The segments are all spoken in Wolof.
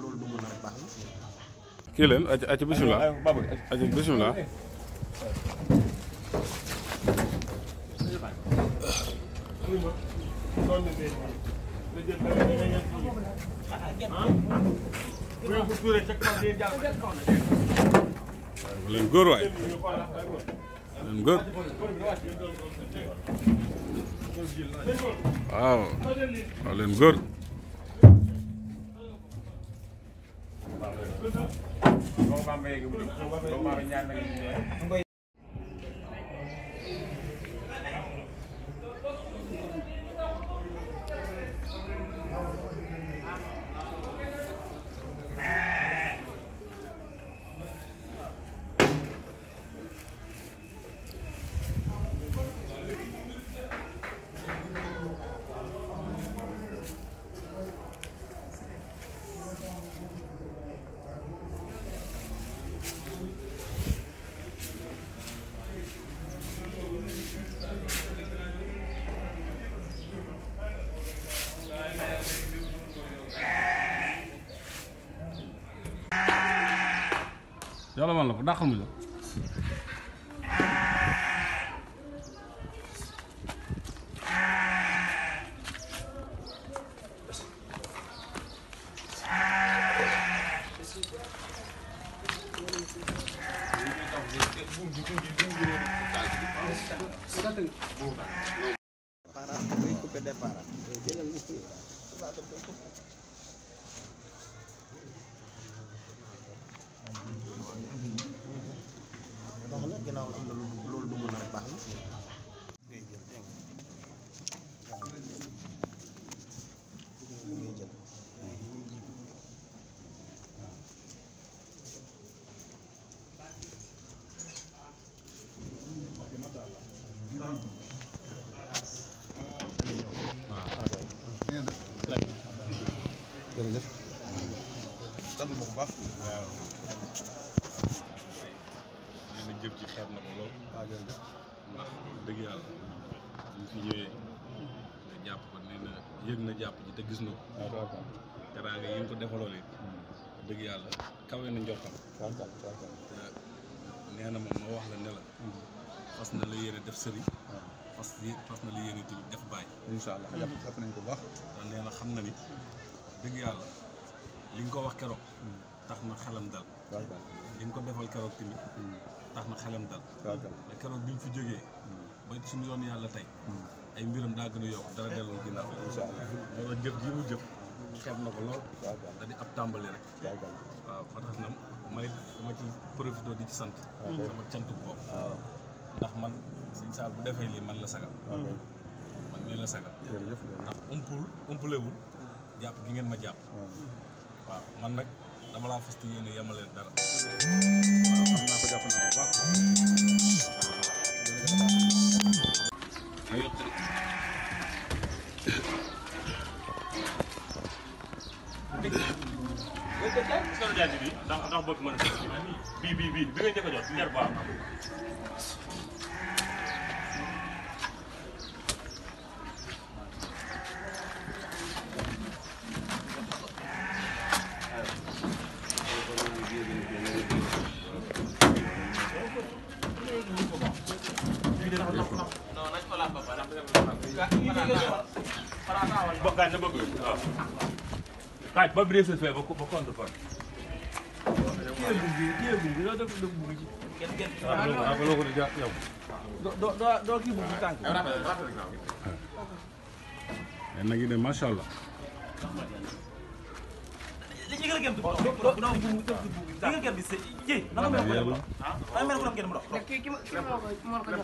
loolu du mën a baax na. kii leen ayca ayca bisimilah ayca bisimilah. leen góor waay leen góor waaw waaw leen góor Loolu ba am nga yegg bu dëkk loolu ba xamal la ko dàqal mu la Para, bu baax. waaw. nee na jëf xeet na ko lool. waaw jërëjëf. ndax dëgg yàlla ñu fi ko nee na yëg na jàpp ji te gis na ko. waaw teraanga yi nga ko defaloon it. dëgg yàlla kawe na njortam. waaw nee na moom moo wax la ne la. fas na la yéene def sëriñ. fas fas na la yéene def bàyyi. incha allah jàpp nañ ko baax. nee na xam na ni dëgg yàlla. li nga ko wax keroog. tax na xelam dal. li nga ko defal keroog tamit. tax na xelam dal. ne keroog bi mu fi jógee. ba suñu yoon yàlla tey. ay mbiram daa gën a yokk dara delloo ginnaaw. incha a moo tax jëf ji na ko lool. da di ab tàmbali rek. waaw ba na may dama ci profité di ci sant. sama cantu bopp. ndax man si saal bu defee lii man la sagal. man mii la sagal. jërëjëf ndax umpul umpulewul jàpp gi ngeen ma jàpp. man nag dama laa fas yéene yemaleen dara. waaw naa ko jàpp naa bu baax. ndax ndax bopp mën a bii bii bii bi nga njëkk a jot Bukan na bagus. Kaç ba bir ses ver bakın bakın da bak. Diyor bilgi, diyor bilgi. Lo da bu bilgi. Gel ይገልገም ዱቆ ዱቆ ነው ዱቆ ይገልገም ቢሰ ይሄ ነው ነው ነው አይ ምን ነው ነው ለከኪ ምን ነው ምን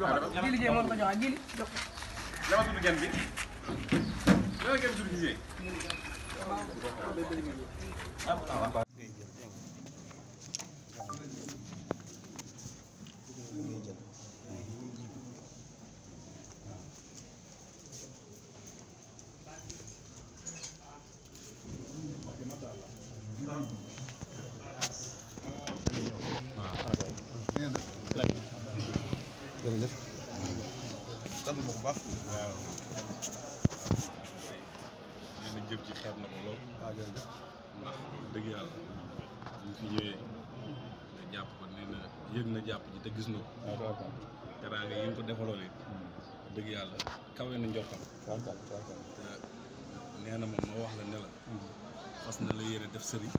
ነው ጂሊ ጂሊ ምን ነው ጂሊ ለማ ቱዱ ገም ቢ ለማ ገም ቱዱ ጂሊ sant bu baax. waaw. nee na jëf ci xeet na ko lool. ndax dëgg yàlla bu fi ñëwee nga jàpp ko nee na yëg na jàpp ji te gis na ko. waaw teraanga yi nga ko defaloon it. Hmm. dëgg yàlla kawe na njortam. waaw nee moom moo wax la ne la. Hmm. fas na la yéene def sëriñ.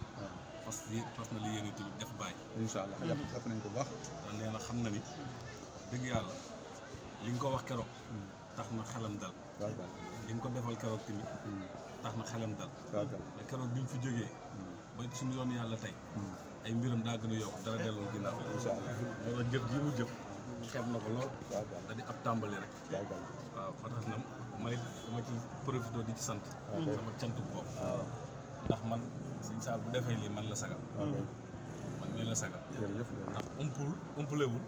fas fas na la yéene tamit def bàyyi. incha allah jàpp nañ ko bu baax. nee na xam na ni dëgg yàlla. li nga ko wax keroog. Hmm. tax na xelam dal. li nga ko defal keroog tamit. Hmm. tax na xelam dal. te keroog bi mu fi jógee. Hmm. ba suñu yoon yàlla tey. ay mbiram daa gën a yokk dara delloo ginnaaw. incha allah loolu jëf ji mu jëf. xeeb na ko lool. da di ab tàmbali rek. waaw fa tax na ma dama ci profité di sant. Ah, sama cantu bopp. Ah. ndax man Saal bu defee lii man la sagal. Ah, man mii la sagal. ndax umpulewul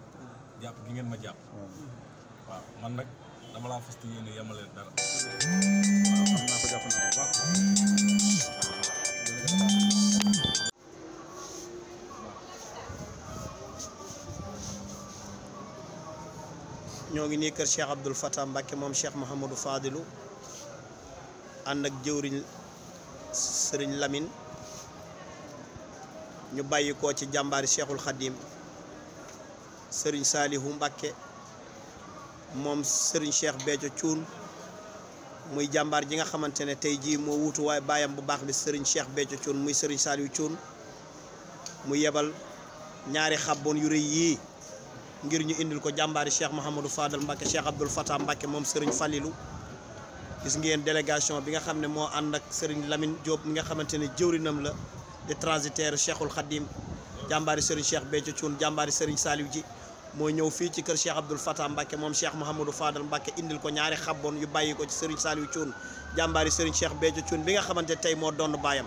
jàpp gi ngeen ma jàpp. man nag ñoo ngi nii kër Cheikh Abdoul Fatah Mbacke moom Cheikh Mouhamadou Fadilou ànd ak jëwriñ sëriñ lamin ñu bàyyi ko ci jàmbaari Cheikhul Khadim sëriñ Saalihu Mbacke. moom sëriñ Cheikh Béthio Thioune muy jàmbaar ji nga xamante ne tey jii moo wuutu waaye baayam bu baax li Serigne Cheikh Béthio Thioune muy Serigne Saliou Thioune mu yebal ñaari xabboon yu rëy yii ngir ñu indil ko jàmbaari Cheikh Mouhamadou Fadal Mbacke Cheikh Abdoul Fatah Mbacke moom Serigne Falilou gis ngeen délégation bi nga xam ne moo ànd ak sëriñ Lamine Diop bi nga xamante ne jëwrinam la di transitaire Cheikhul Khadim jàmbaari Serigne Cheikh Béthio Thioune jàmbaari Serigne Saliou ji mooy ñëw fii ci kër Cheikh Abdoul Fatah Mbacke moom Cheikh Mouhamadou Fadal Mbacke indil ko ñaari boon yu bàyyi ko ci Serigne Saliou Thioune jàmbaari Serigne Cheikh Béthio Thioune bi nga xamante tey moo doon baayam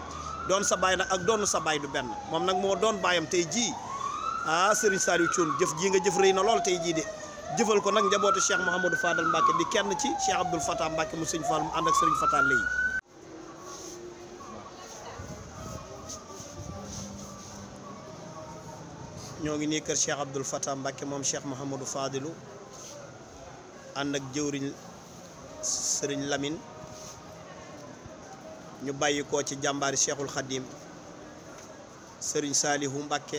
doon sa baay nag ak doon sa baay du benn moom nag moo doon baayam tey jii ah Serigne Saliou Thioune jëf jii nga jëf rëy na lool tey jii de jëfal ko nag njabootu Cheikh Mouhamadou Fadal Mbacke bi kenn ci Cheikh Abdoul Fatah Mbacke mu Serigne Fall mu ànd ak Serigne Fatah léegi ñoo ngi nii kër Cheikh Abdoul Fatah Mbacke moom Cheikh Mouhamadou Fadilou ànd ak jëwriñ sëriñ lamin ñu bàyyi ko ci jàmbaari Cheikhul Khadim sëriñ Saalihu Mbacke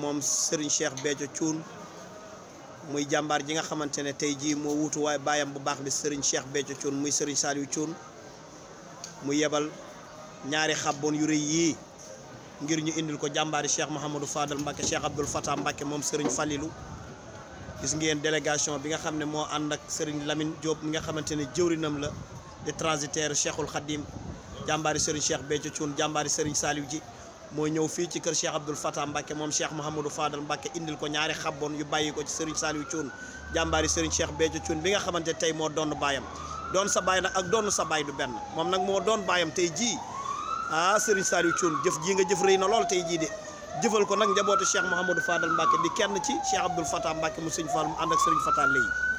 moom sëriñ Cheikh Béthio Thioune muy jàmbaar ji nga xamante ne tey jii moo wuutu waaye baayam bu baax li sëriñ Cheikh Béthio Thioune muy sëriñ Saalihu Thioune mu yebal ñaari xabboon yu rëy yii ngir ñu indil ko jàmbaari Cheikh Mouhamadou Fadal Mbacke Cheikh Abdoul Fatah Mbacke moom Serigne falilu gis ngeen délégation bi nga xam ne moo ànd ak Serigne Lamine Diop mi nga xamante ne jëwrinam la di transitaire Cheikhul Khadim jàmbaari Serigne Cheikh Béthio Thioune jàmbaari Serigne ji moo ñëw fii ci kër Cheikh Abdoul Fatah Mbacke moom Cheikh Mouhamadou Fadal Mbacke indil ko ñaari xabboon yu bàyyi ko ci Serigne Saliou Thioune jàmbaari Serigne Cheikh Béthio Thioune bi nga xamante tey moo doon baayam doon sa baay nag ak sa baay du benn moom nag ah Serigne Saliou Thioune jëf jii nga jëf rëy na lool tey jii de jëfal ko nag njabootu Cheikh Mouhamadou Fadal Mbacke di kenn ci Cheikh Abdoul Fatah Mbacke mu suñ Fall mu ànd ak Serigne Fatah léegi